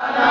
Uh-huh.